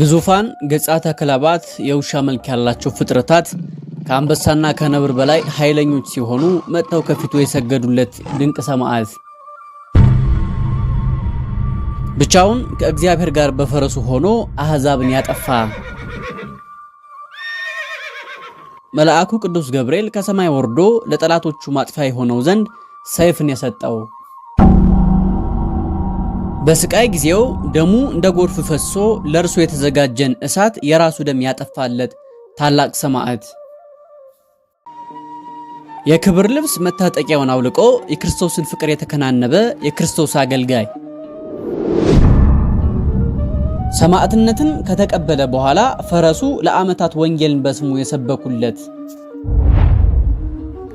ግዙፋን ገጻታ ክላባት የውሻ መልክ ያላቸው ፍጥረታት ከአንበሳና ከነብር በላይ ኃይለኞች ሲሆኑ መጥተው ከፊቱ የሰገዱለት ድንቅ ሰማዕት ብቻውን ከእግዚአብሔር ጋር በፈረሱ ሆኖ አሕዛብን ያጠፋ መልአኩ ቅዱስ ገብርኤል ከሰማይ ወርዶ ለጠላቶቹ ማጥፊያ የሆነው ዘንድ ሰይፍን የሰጠው በስቃይ ጊዜው ደሙ እንደ ጎርፍ ፈሶ ለእርሱ የተዘጋጀን እሳት የራሱ ደም ያጠፋለት ታላቅ ሰማዕት የክብር ልብስ መታጠቂያውን አውልቆ የክርስቶስን ፍቅር የተከናነበ የክርስቶስ አገልጋይ ሰማዕትነትን ከተቀበለ በኋላ ፈረሱ ለዓመታት ወንጌልን በስሙ የሰበኩለት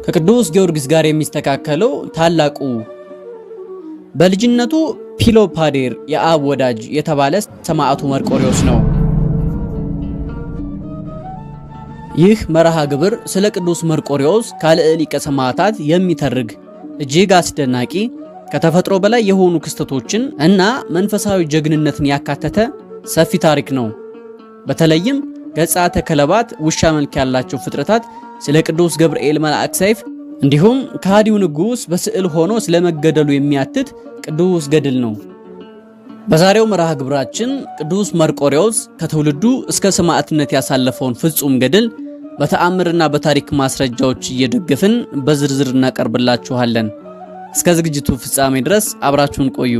ከቅዱስ ጊዮርጊስ ጋር የሚስተካከለው ታላቁ በልጅነቱ ፒሎፓዴር የአብ ወዳጅ የተባለ ሰማዕቱ መርቆሪዎስ ነው። ይህ መርሃ ግብር ስለ ቅዱስ መርቆሪዎስ ካልዕ ሰማዕታት የሚተርግ እጅግ አስደናቂ ከተፈጥሮ በላይ የሆኑ ክስተቶችን እና መንፈሳዊ ጀግንነትን ያካተተ ሰፊ ታሪክ ነው። በተለይም ገጻተ ከለባት ውሻ መልክ ያላቸው ፍጥረታት ስለ ቅዱስ ገብርኤል መልአክ ሰይፍ እንዲሁም ከሃዲው ንጉሥ በስዕል ሆኖ ስለመገደሉ የሚያትት ቅዱስ ገድል ነው። በዛሬው መርሃ ግብራችን ቅዱስ መርቆሬዎስ ከትውልዱ እስከ ሰማዕትነት ያሳለፈውን ፍጹም ገድል በተአምርና በታሪክ ማስረጃዎች እየደገፍን በዝርዝር እናቀርብላችኋለን። እስከ ዝግጅቱ ፍጻሜ ድረስ አብራችሁን ቆዩ።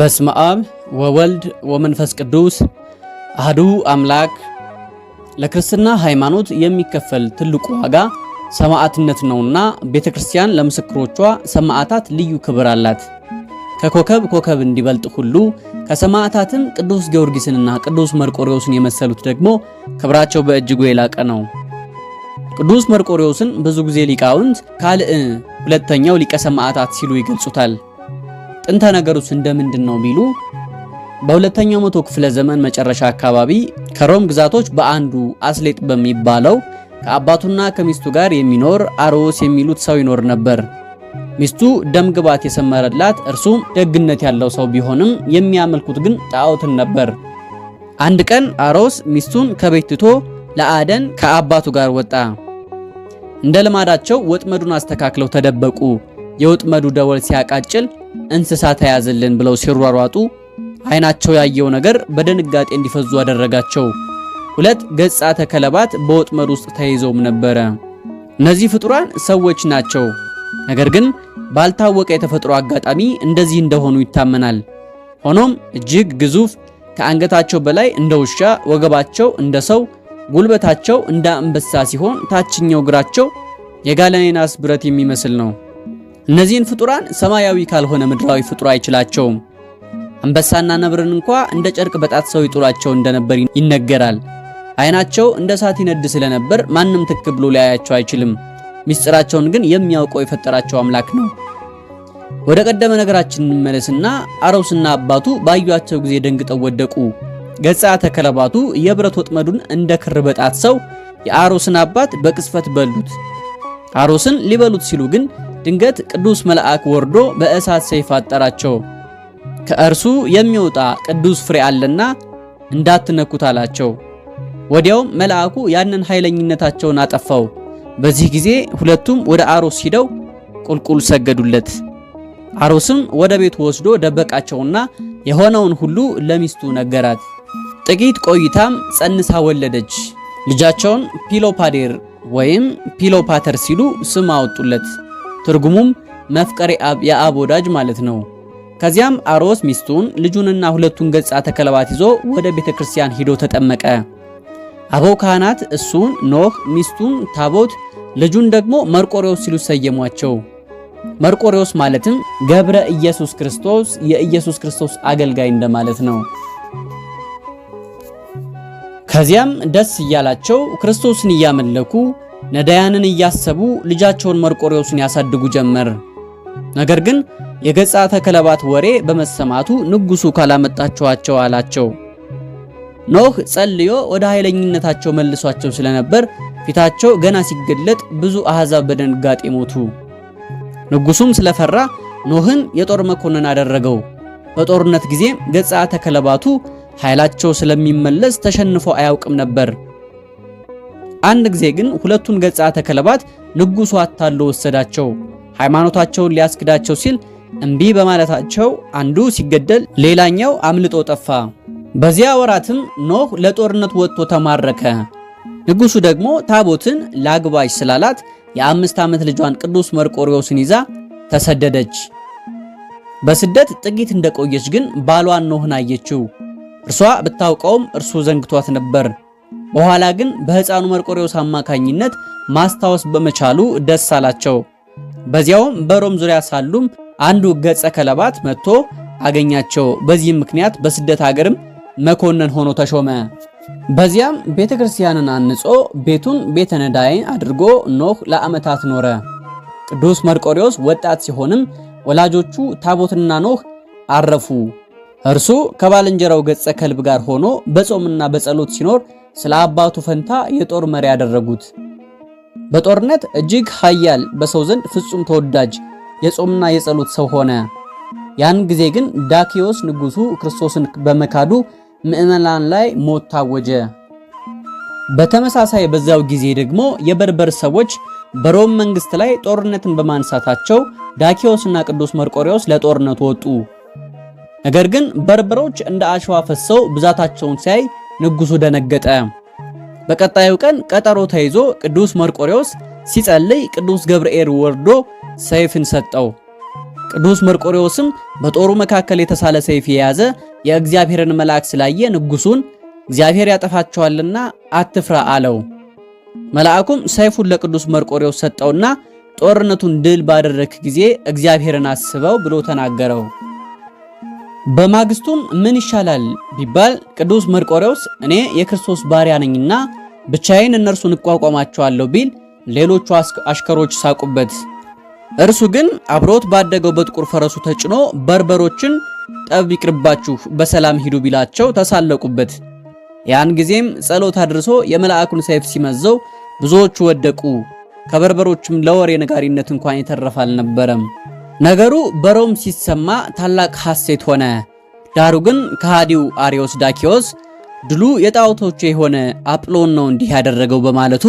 በስመ አብ ወወልድ ወመንፈስ ቅዱስ አህዱ አምላክ። ለክርስትና ሃይማኖት የሚከፈል ትልቁ ዋጋ ሰማዕትነት ነውና ቤተ ክርስቲያን ለምስክሮቿ ሰማዕታት ልዩ ክብር አላት። ከኮከብ ኮከብ እንዲበልጥ ሁሉ ከሰማዕታትም ቅዱስ ጊዮርጊስንና ቅዱስ መርቆሪዎስን የመሰሉት ደግሞ ክብራቸው በእጅጉ የላቀ ነው። ቅዱስ መርቆሪዎስን ብዙ ጊዜ ሊቃውንት ካልእ ሁለተኛው ሊቀ ሰማዕታት ሲሉ ይገልጹታል። ጥንተ ነገሩስ እንደምንድን ነው ቢሉ በሁለተኛው መቶ ክፍለ ዘመን መጨረሻ አካባቢ ከሮም ግዛቶች በአንዱ አስሌጥ በሚባለው ከአባቱና ከሚስቱ ጋር የሚኖር አሮስ የሚሉት ሰው ይኖር ነበር። ሚስቱ ደም ግባት የሰመረላት እርሱም ደግነት ያለው ሰው ቢሆንም የሚያመልኩት ግን ጣዖትን ነበር። አንድ ቀን አሮስ ሚስቱን ከቤት ትቶ ለአደን ከአባቱ ጋር ወጣ። እንደ ልማዳቸው ወጥመዱን አስተካክለው ተደበቁ። የወጥመዱ ደወል ሲያቃጭል እንስሳ ተያዝልን ብለው ሲሯሯጡ አይናቸው ያየው ነገር በድንጋጤ እንዲፈዙ አደረጋቸው። ሁለት ገጻተ ከለባት በወጥመድ ውስጥ ተይዘውም ነበረ። እነዚህ ፍጡራን ሰዎች ናቸው፣ ነገር ግን ባልታወቀ የተፈጥሮ አጋጣሚ እንደዚህ እንደሆኑ ይታመናል። ሆኖም እጅግ ግዙፍ ከአንገታቸው በላይ እንደ ውሻ፣ ወገባቸው እንደ ሰው፣ ጉልበታቸው እንደ አንበሳ ሲሆን ታችኛው እግራቸው የጋለኔ ብረት የሚመስል ነው። እነዚህን ፍጡራን ሰማያዊ ካልሆነ ምድራዊ ፍጡር አይችላቸውም። አንበሳና ነብርን እንኳ እንደ ጨርቅ በጣት ሰው ይጥሏቸው እንደነበር ይነገራል። አይናቸው እንደ እሳት ይነድ ስለነበር ማንም ትክ ብሎ ሊያያቸው አይችልም። ሚስጥራቸውን ግን የሚያውቀው የፈጠራቸው አምላክ ነው። ወደ ቀደመ ነገራችን እንመለስና አሮስና አባቱ ባዩአቸው ጊዜ ደንግጠው ወደቁ። ገጻ ተከለባቱ የብረት ወጥመዱን እንደ ክር በጣት ሰው የአሮስን አባት በቅስፈት በሉት። አሮስን ሊበሉት ሲሉ ግን ድንገት ቅዱስ መልአክ ወርዶ በእሳት ሰይፍ አጠራቸው። ከእርሱ የሚወጣ ቅዱስ ፍሬ አለና እንዳትነኩት አላቸው። ወዲያውም መልአኩ ያንን ኃይለኝነታቸውን አጠፋው። በዚህ ጊዜ ሁለቱም ወደ አሮስ ሂደው ቁልቁል ሰገዱለት። አሮስም ወደ ቤቱ ወስዶ ደበቃቸውና የሆነውን ሁሉ ለሚስቱ ነገራት። ጥቂት ቆይታም ጸንሳ ወለደች። ልጃቸውን ፒሎፓዴር ወይም ፒሎፓተር ሲሉ ስም አወጡለት። ትርጉሙም መፍቀሪ አብ የአብ ወዳጅ ማለት ነው። ከዚያም አሮስ ሚስቱን ልጁንና ሁለቱን ገጻ ተከለባት ይዞ ወደ ቤተ ክርስቲያን ሂዶ ተጠመቀ። አበው ካህናት እሱን ኖህ፣ ሚስቱን ታቦት፣ ልጁን ደግሞ መርቆሬዎስ ሲሉ ሰየሟቸው። መርቆሬዎስ ማለትም ገብረ ኢየሱስ ክርስቶስ የኢየሱስ ክርስቶስ አገልጋይ እንደማለት ነው። ከዚያም ደስ እያላቸው ክርስቶስን እያመለኩ ነዳያንን እያሰቡ ልጃቸውን መርቆሬዎስን ያሳድጉ ጀመር። ነገር ግን የገጻ ተከለባት ወሬ በመሰማቱ ንጉሱ ካላመጣችኋቸው አላቸው። ኖህ ጸልዮ ወደ ኃይለኝነታቸው መልሷቸው ስለነበር ፊታቸው ገና ሲገለጥ ብዙ አሕዛብ በደንጋጤ ሞቱ። ንጉሱም ስለፈራ ኖህን የጦር መኮንን አደረገው። በጦርነት ጊዜ ገጻ ተከለባቱ ኃይላቸው ስለሚመለስ ተሸንፎ አያውቅም ነበር። አንድ ጊዜ ግን ሁለቱን ገጻተ ከለባት ንጉሱ አታሎ ወሰዳቸው። ሃይማኖታቸውን ሊያስክዳቸው ሲል እምቢ በማለታቸው አንዱ ሲገደል፣ ሌላኛው አምልጦ ጠፋ። በዚያ ወራትም ኖህ ለጦርነት ወጥቶ ተማረከ። ንጉሱ ደግሞ ታቦትን ላግባሽ ስላላት የአምስት ዓመት ልጇን ቅዱስ መርቆሪዎስን ይዛ ተሰደደች። በስደት ጥቂት እንደቆየች ግን ባሏን ኖህን አየችው። እርሷ ብታውቀውም እርሱ ዘንግቷት ነበር። በኋላ ግን በሕፃኑ መርቆሬዎስ አማካኝነት ማስታወስ በመቻሉ ደስ አላቸው። በዚያውም በሮም ዙሪያ ሳሉም አንዱ ገጸ ከለባት መጥቶ አገኛቸው። በዚህም ምክንያት በስደት ሀገርም መኮንን ሆኖ ተሾመ። በዚያም ቤተ ክርስቲያንን አንጾ ቤቱን ቤተ ነዳይን አድርጎ ኖህ ለዓመታት ኖረ። ቅዱስ መርቆሬዎስ ወጣት ሲሆንም ወላጆቹ ታቦትና ኖህ አረፉ። እርሱ ከባልንጀራው ገጸ ከልብ ጋር ሆኖ በጾምና በጸሎት ሲኖር ስለ አባቱ ፈንታ የጦር መሪ ያደረጉት። በጦርነት እጅግ ኃያል፣ በሰው ዘንድ ፍጹም ተወዳጅ የጾምና የጸሎት ሰው ሆነ። ያን ጊዜ ግን ዳኪዮስ ንጉሱ ክርስቶስን በመካዱ ምዕመናን ላይ ሞት ታወጀ። በተመሳሳይ በዛው ጊዜ ደግሞ የበርበር ሰዎች በሮም መንግስት ላይ ጦርነትን በማንሳታቸው ዳኪዮስና ቅዱስ መርቆሪዎስ ለጦርነቱ ወጡ። ነገር ግን በርበሮች እንደ አሸዋ ፈሰው ብዛታቸውን ሲያይ ንጉሱ ደነገጠ። በቀጣዩ ቀን ቀጠሮ ተይዞ ቅዱስ መርቆሬዎስ ሲጸልይ ቅዱስ ገብርኤል ወርዶ ሰይፍን ሰጠው። ቅዱስ መርቆሬዎስም በጦሩ መካከል የተሳለ ሰይፍ የያዘ የእግዚአብሔርን መልአክ ስላየ ንጉሱን እግዚአብሔር ያጠፋቸዋልና አትፍራ አለው። መልአኩም ሰይፉን ለቅዱስ መርቆሬዎስ ሰጠውና ጦርነቱን ድል ባደረክ ጊዜ እግዚአብሔርን አስበው ብሎ ተናገረው። በማግስቱም ምን ይሻላል ቢባል ቅዱስ መርቆሬዎስ እኔ የክርስቶስ ባሪያ ነኝና ብቻዬን እነርሱን እቋቋማቸዋለሁ ቢል ሌሎቹ አሽከሮች ሳቁበት። እርሱ ግን አብሮት ባደገው በጥቁር ፈረሱ ተጭኖ በርበሮችን ጠብ ይቅርባችሁ፣ በሰላም ሂዱ ቢላቸው ተሳለቁበት። ያን ጊዜም ጸሎት አድርሶ የመልአኩን ሰይፍ ሲመዘው ብዙዎቹ ወደቁ። ከበርበሮችም ለወሬ ነጋሪነት እንኳን የተረፈ አልነበረም። ነገሩ በሮም ሲሰማ ታላቅ ሐሴት ሆነ። ዳሩ ግን ከሃዲው አሪዮስ ዳኪዎስ ድሉ የጣዖቶቹ የሆነ አጵሎን ነው እንዲህ ያደረገው በማለቱ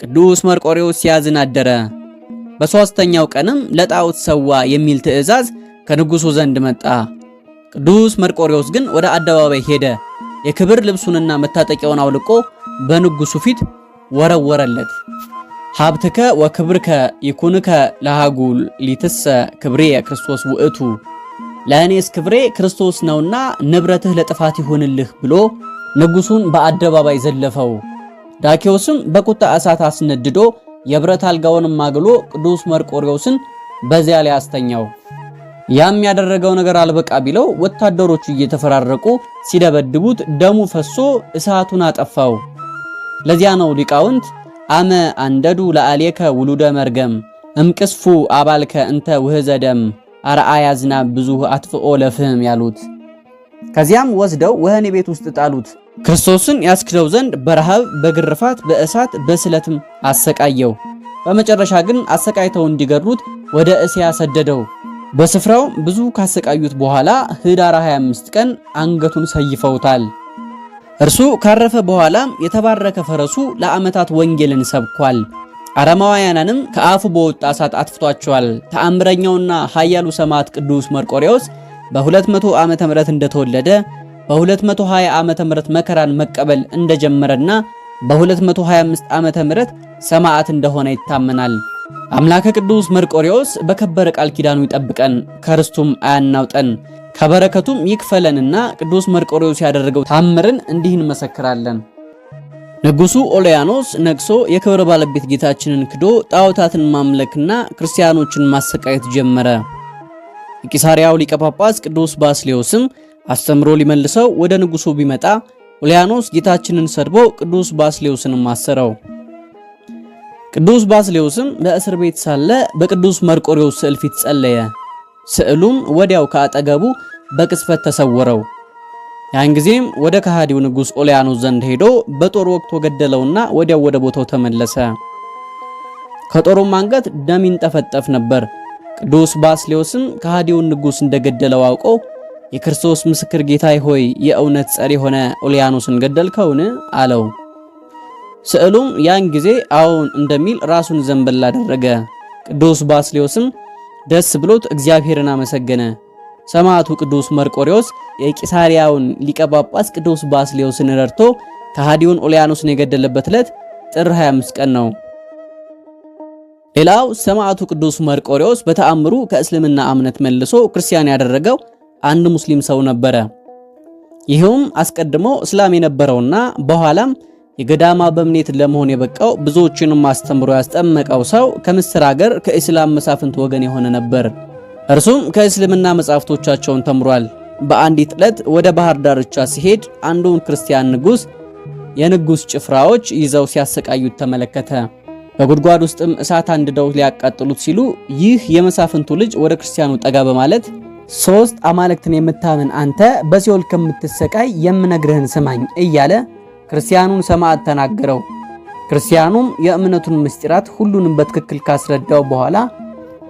ቅዱስ መርቆሬዎስ ሲያዝን አደረ። በሦስተኛው ቀንም ለጣዖት ሰዋ የሚል ትእዛዝ ከንጉሡ ዘንድ መጣ። ቅዱስ መርቆሬዎስ ግን ወደ አደባባይ ሄደ። የክብር ልብሱንና መታጠቂያውን አውልቆ በንጉሡ ፊት ወረወረለት። ሀብትከ ወክብርከ ይኩንከ ለሃጉል ሊትሰ ክብሬ ክርስቶስ ውእቱ ለእኔስ ክብሬ ክርስቶስ ነውና ንብረትህ ለጥፋት ይሆንልህ ብሎ ንጉሡን በአደባባይ ዘለፈው። ዳኪዎስም በቁጣ እሳት አስነድዶ የብረት አልጋውንም አግሎ ቅዱስ መርቆሪዎስን በዚያ ላይ አስተኛው። ያም ያደረገው ነገር አልበቃ ቢለው ወታደሮቹ እየተፈራረቁ ሲደበድቡት ደሙ ፈሶ እሳቱን አጠፋው። ለዚያ ነው ሊቃውንት አመ አንደዱ ለአሌከ ውሉደ መርገም እምቅስፉ አባልከ እንተ ውህዘ ደም አርአያ ዝናብ አጥፍኦ ለፍህም ያሉት። ከዚያም ወስደው ወህኒ ቤት ውስጥ ጣሉት። ክርስቶስን ያስክደው ዘንድ በረሃብ በግርፋት በእሳት በስለትም አሰቃየው። በመጨረሻ ግን አሰቃይተው እንዲገድሉት ወደ እስያ ሰደደው። በስፍራው ብዙ ካሰቃዩት በኋላ ህዳር 25 ቀን አንገቱን ሰይፈውታል። እርሱ ካረፈ በኋላም የተባረከ ፈረሱ ለዓመታት ወንጌልን ሰብኳል። አረማውያንንም ከአፉ በወጣ እሳት አጥፍቷቸዋል። ተአምረኛውና ኃያሉ ሰማዕት ቅዱስ መርቆሬዎስ በ200 ዓመተ ምህረት እንደተወለደ በ220 ዓመተ ምህረት መከራን መቀበል እንደጀመረና በ225 ዓመተ ምህረት ሰማዕት እንደሆነ ይታመናል። አምላከ ቅዱስ መርቆሬዎስ በከበረ ቃል ኪዳኑ ይጠብቀን፣ ከርስቱም አያናውጠን። ከበረከቱም ይክፈለንና ቅዱስ መርቆሬዎስ ያደረገው ታምርን እንዲህ እንመሰክራለን። ንጉሱ ኦሊያኖስ ነግሶ የክብረ ባለቤት ጌታችንን ክዶ ጣዖታትን ማምለክና ክርስቲያኖችን ማሰቃየት ጀመረ። የቂሳሪያው ሊቀ ጳጳስ ቅዱስ ባስሌዮስም አስተምሮ ሊመልሰው ወደ ንጉሱ ቢመጣ ኦሊያኖስ ጌታችንን ሰድቦ ቅዱስ ባስሌዮስንም አሰረው። ቅዱስ ባስሌዮስም በእስር ቤት ሳለ በቅዱስ መርቆሬዎስ ስዕል ፊት ጸለየ። ስዕሉም ወዲያው ከአጠገቡ በቅጽፈት ተሰወረው። ያን ጊዜም ወደ ከሃዲው ንጉሥ ኦልያኖስ ዘንድ ሄዶ በጦር ወቅቶ ገደለውና ወዲያው ወደ ቦታው ተመለሰ። ከጦሩም አንገት ደም ይንጠፈጠፍ ነበር። ቅዱስ ባስሌዎስም ከሃዲውን ንጉሥ እንደገደለው አውቆ የክርስቶስ ምስክር ጌታ ሆይ የእውነት ጸር የሆነ ኦልያኖስን ገደልከውን? አለው። ስዕሉም ያን ጊዜ አዎን እንደሚል ራሱን ዘንበል አደረገ። ቅዱስ ባስሌዎስም ደስ ብሎት እግዚአብሔርን አመሰገነ። ሰማዕቱ ቅዱስ መርቆሪዎስ የቂሳሪያውን ሊቀ ጳጳስ ቅዱስ ባስሌዮስን ረድቶ ከሃዲውን ኦሊያኖስን የገደለበት ዕለት ጥር 25 ቀን ነው። ሌላው ሰማዕቱ ቅዱስ መርቆሪዎስ በተአምሩ ከእስልምና እምነት መልሶ ክርስቲያን ያደረገው አንድ ሙስሊም ሰው ነበረ። ይህውም አስቀድሞ እስላም የነበረውና በኋላም የገዳማ በምኔት ለመሆን የበቃው ብዙዎችንም አስተምሮ ያስጠመቀው ሰው ከምስር አገር ከእስላም መሳፍንት ወገን የሆነ ነበር። እርሱም ከእስልምና መጻሕፍቶቻቸውን ተምሯል። በአንዲት ዕለት ወደ ባህር ዳርቻ ሲሄድ አንዱን ክርስቲያን ንጉሥ የንጉሥ ጭፍራዎች ይዘው ሲያሰቃዩት ተመለከተ። በጉድጓድ ውስጥም እሳት አንድደው ሊያቃጥሉት ሲሉ ይህ የመሳፍንቱ ልጅ ወደ ክርስቲያኑ ጠጋ በማለት ሶስት አማልክትን የምታምን አንተ በሲኦል ከምትሰቃይ የምነግርህን ስማኝ እያለ ክርስቲያኑን ሰማዕት ተናገረው። ክርስቲያኑም የእምነቱን ምስጢራት ሁሉንም በትክክል ካስረዳው በኋላ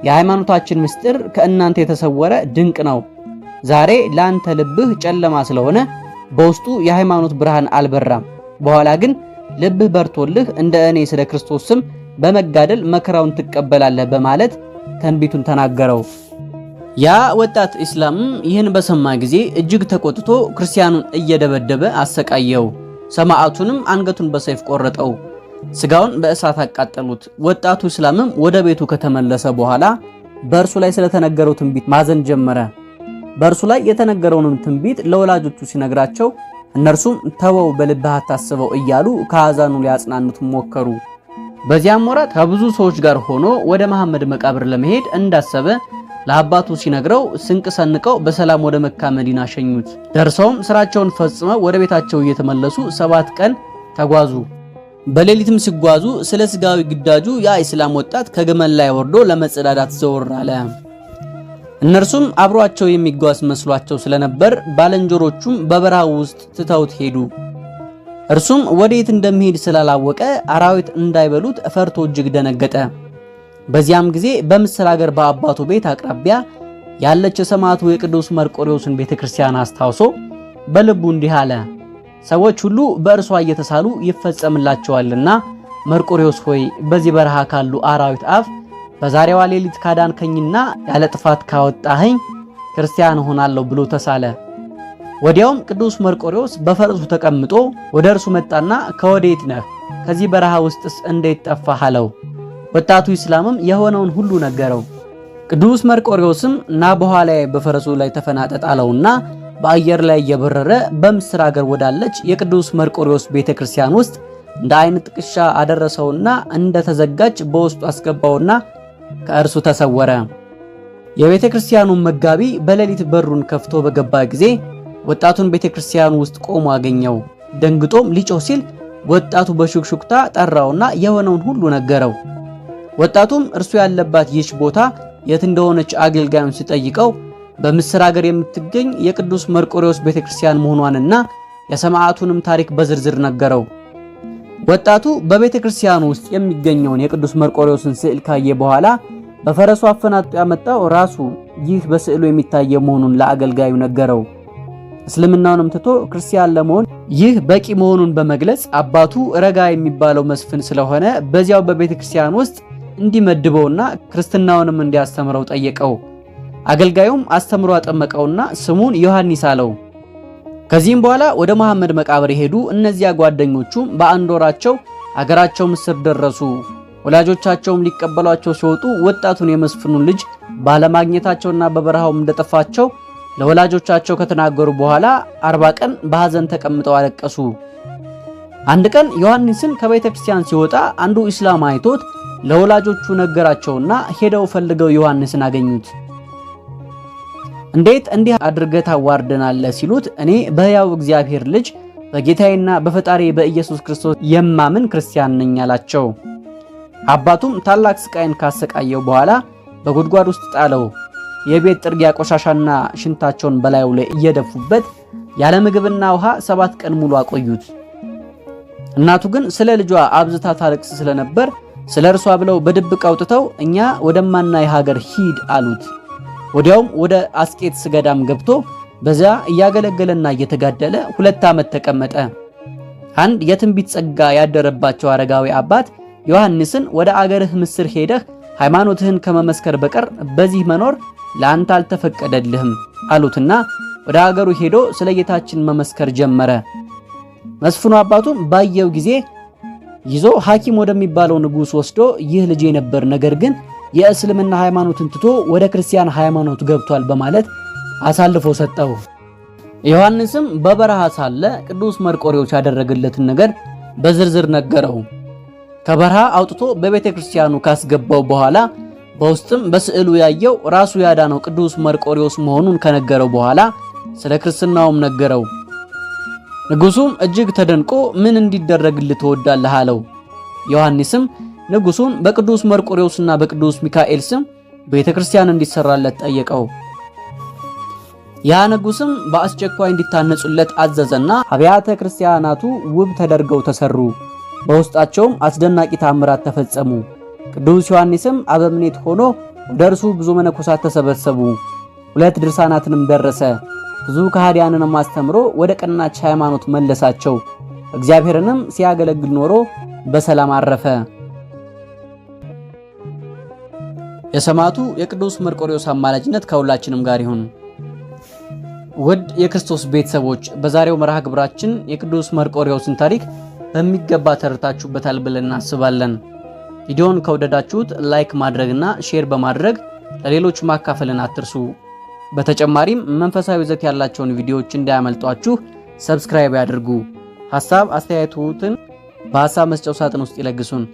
የሃይማኖታችን ምስጢር ከእናንተ የተሰወረ ድንቅ ነው። ዛሬ ለአንተ ልብህ ጨለማ ስለሆነ በውስጡ የሃይማኖት ብርሃን አልበራም። በኋላ ግን ልብህ በርቶልህ እንደ እኔ ስለ ክርስቶስ ስም በመጋደል መከራውን ትቀበላለህ በማለት ትንቢቱን ተናገረው። ያ ወጣት ኢስላምም ይህን በሰማ ጊዜ እጅግ ተቆጥቶ ክርስቲያኑን እየደበደበ አሰቃየው። ሰማዕቱንም አንገቱን በሰይፍ ቆረጠው፣ ስጋውን በእሳት አቃጠሉት። ወጣቱ እስላምም ወደ ቤቱ ከተመለሰ በኋላ በእርሱ ላይ ስለተነገረው ትንቢት ማዘን ጀመረ። በእርሱ ላይ የተነገረውንም ትንቢት ለወላጆቹ ሲነግራቸው እነርሱም ተወው፣ በልብህ አታስበው እያሉ ከአዛኑ ሊያጽናኑት ሞከሩ። በዚያም ወራት ከብዙ ሰዎች ጋር ሆኖ ወደ መሐመድ መቃብር ለመሄድ እንዳሰበ ለአባቱ ሲነግረው ስንቅ ሰንቀው በሰላም ወደ መካ መዲና ሸኙት። ደርሰውም ስራቸውን ፈጽመው ወደ ቤታቸው እየተመለሱ ሰባት ቀን ተጓዙ። በሌሊትም ሲጓዙ ስለ ስጋዊ ግዳጁ ያ እስላም ወጣት ከገመል ላይ ወርዶ ለመጸዳዳት ዘወር አለ። እነርሱም አብሯቸው የሚጓዝ መስሏቸው ስለነበር ባለንጀሮቹም በበረሃ ውስጥ ትተውት ሄዱ። እርሱም ወዴት እንደሚሄድ ስላላወቀ አራዊት እንዳይበሉት ፈርቶ እጅግ ደነገጠ። በዚያም ጊዜ በምስር ሀገር በአባቱ ቤት አቅራቢያ ያለች የሰማዕቱ የቅዱስ መርቆሪዎስን ቤተክርስቲያን አስታውሶ በልቡ እንዲህ አለ። ሰዎች ሁሉ በእርሷ እየተሳሉ ይፈጸምላቸዋልና መርቆሪዎስ ሆይ በዚህ በረሃ ካሉ አራዊት አፍ በዛሬዋ ሌሊት ካዳንከኝና ያለ ጥፋት ካወጣኸኝ ክርስቲያን እሆናለሁ ብሎ ተሳለ። ወዲያውም ቅዱስ መርቆሪዎስ በፈረሱ ተቀምጦ ወደ እርሱ መጣና ከወዴት ነህ? ከዚህ በረሃ ውስጥስ እንዴት ጠፋህ? አለው። ወጣቱ ኢስላምም የሆነውን ሁሉ ነገረው። ቅዱስ መርቆሬዎስም ና በኋላዬ በፈረሱ ላይ ተፈናጠጣለውና በአየር ላይ እየበረረ በምስር አገር ወዳለች የቅዱስ መርቆሬዎስ ቤተክርስቲያን ውስጥ እንደ አይን ጥቅሻ አደረሰውና ተዘጋጅ በውስጡ አስገባውና ከእርሱ ተሰወረ። የቤተክርስቲያኑ መጋቢ በሌሊት በሩን ከፍቶ በገባ ጊዜ ወጣቱን ቤተክርስቲያኑ ውስጥ ቆሞ አገኘው። ደንግጦም ሊጮህ ሲል ወጣቱ በሹክሹክታ ጠራውና የሆነውን ሁሉ ነገረው። ወጣቱም እርሱ ያለባት ይህች ቦታ የት እንደሆነች አገልጋዩን ሲጠይቀው በምስር ሀገር የምትገኝ የቅዱስ መርቆሬዎስ ቤተክርስቲያን መሆኗንና የሰማዕቱንም ታሪክ በዝርዝር ነገረው። ወጣቱ በቤተክርስቲያኑ ውስጥ የሚገኘውን የቅዱስ መርቆሬዎስን ስዕል ካየ በኋላ በፈረሱ አፈናጥጦ ያመጣው ራሱ ይህ በስዕሉ የሚታየ መሆኑን ለአገልጋዩ ነገረው። እስልምናውንም ትቶ ክርስቲያን ለመሆን ይህ በቂ መሆኑን በመግለጽ አባቱ ረጋ የሚባለው መስፍን ስለሆነ በዚያው በቤተክርስቲያን ውስጥ እንዲመድበውና ክርስትናውንም እንዲያስተምረው ጠየቀው። አገልጋዩም አስተምሮ አጠመቀውና ስሙን ዮሐንስ አለው። ከዚህም በኋላ ወደ መሐመድ መቃብር የሄዱ እነዚያ ጓደኞቹም በአንድ ወራቸው አገራቸው ምስር ደረሱ። ወላጆቻቸውም ሊቀበሏቸው ሲወጡ ወጣቱን የመስፍኑን ልጅ ባለማግኘታቸውና በበረሃውም እንደጠፋቸው ለወላጆቻቸው ከተናገሩ በኋላ አርባ ቀን በሐዘን ተቀምጠው አለቀሱ። አንድ ቀን ዮሐንስን ከቤተ ክርስቲያን ሲወጣ አንዱ ኢስላም አይቶት ለወላጆቹ ነገራቸውና ሄደው ፈልገው ዮሐንስን አገኙት። እንዴት እንዲህ አድርገህ ታዋርደናለህ ሲሉት እኔ በሕያው እግዚአብሔር ልጅ በጌታዬና በፈጣሪ በኢየሱስ ክርስቶስ የማምን ክርስቲያን ነኝ አላቸው። አባቱም ታላቅ ስቃይን ካሰቃየው በኋላ በጉድጓድ ውስጥ ጣለው። የቤት ጥርጊያ ቆሻሻና ሽንታቸውን በላዩ ላይ እየደፉበት ያለ ምግብና ውሃ ሰባት ቀን ሙሉ አቆዩት። እናቱ ግን ስለ ልጇ አብዝታ ታለቅስ ስለነበር ስለ እርሷ ብለው በድብቅ አውጥተው እኛ ወደማናይ ሀገር ሂድ አሉት። ወዲያውም ወደ አስቄጥስ ገዳም ገብቶ በዚያ እያገለገለና እየተጋደለ ሁለት ዓመት ተቀመጠ። አንድ የትንቢት ጸጋ ያደረባቸው አረጋዊ አባት ዮሐንስን ወደ አገርህ ምስር ሄደህ ሃይማኖትህን ከመመስከር በቀር በዚህ መኖር ለአንተ አልተፈቀደልህም አሉትና ወደ አገሩ ሄዶ ስለ ጌታችን መመስከር ጀመረ። መስፍኑ አባቱም ባየው ጊዜ ይዞ ሐኪም ወደሚባለው ንጉሥ ወስዶ ይህ ልጄ ነበር፣ ነገር ግን የእስልምና ሃይማኖትን ትቶ ወደ ክርስቲያን ሃይማኖት ገብቷል በማለት አሳልፎ ሰጠው። ዮሐንስም በበረሃ ሳለ ቅዱስ መርቆሬዎስ ያደረገለትን ነገር በዝርዝር ነገረው። ከበረሃ አውጥቶ በቤተ ክርስቲያኑ ካስገባው በኋላ በውስጥም በስዕሉ ያየው ራሱ ያዳነው ቅዱስ መርቆሬዎስ መሆኑን ከነገረው በኋላ ስለ ክርስትናውም ነገረው። ንጉሱም እጅግ ተደንቆ ምን እንዲደረግልህ ትወዳለህ አለው። ዮሐንስም ንጉሱን በቅዱስ መርቆሬዎስና በቅዱስ ሚካኤል ስም ቤተ ክርስቲያን እንዲሰራለት ጠየቀው። ያ ንጉስም በአስቸኳይ እንዲታነጹለት አዘዘና አብያተ ክርስቲያናቱ ውብ ተደርገው ተሰሩ። በውስጣቸውም አስደናቂ ታምራት ተፈጸሙ። ቅዱስ ዮሐንስም አበምኔት ሆኖ ወደ እርሱ ብዙ መነኮሳት ተሰበሰቡ። ሁለት ድርሳናትንም ደረሰ። ብዙ ከሃዲያንንም አስተምሮ ወደ ቀናች ሃይማኖት መለሳቸው። እግዚአብሔርንም ሲያገለግል ኖሮ በሰላም አረፈ። የሰማዕቱ የቅዱስ መርቆሪዎስ አማላጅነት ከሁላችንም ጋር ይሁን። ውድ የክርስቶስ ቤተሰቦች በዛሬው መርሃ ግብራችን የቅዱስ መርቆሪዎስን ታሪክ በሚገባ ተረድታችሁበታል ብለን እናስባለን። ቪዲዮን ከወደዳችሁት ላይክ ማድረግና ሼር በማድረግ ለሌሎች ማካፈልን አትርሱ። በተጨማሪም መንፈሳዊ ይዘት ያላቸውን ቪዲዮዎች እንዳያመልጧችሁ ሰብስክራይብ ያድርጉ። ሐሳብ አስተያየቱትን በሐሳብ መስጫው ሳጥን ውስጥ ይለግሱን።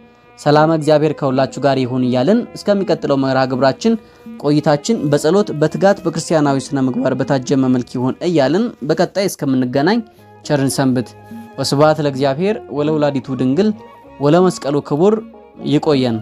ሰላም እግዚአብሔር ከሁላችሁ ጋር ይሁን እያልን እስከሚቀጥለው መርሃ ግብራችን ቆይታችን በጸሎት በትጋት በክርስቲያናዊ ስነ ምግባር በታጀመ መልክ ይሁን እያልን በቀጣይ እስከምንገናኝ ቸርን ሰንብት። ወስብሐት ለእግዚአብሔር ወለወላዲቱ ድንግል ወለመስቀሉ ክቡር። ይቆየን።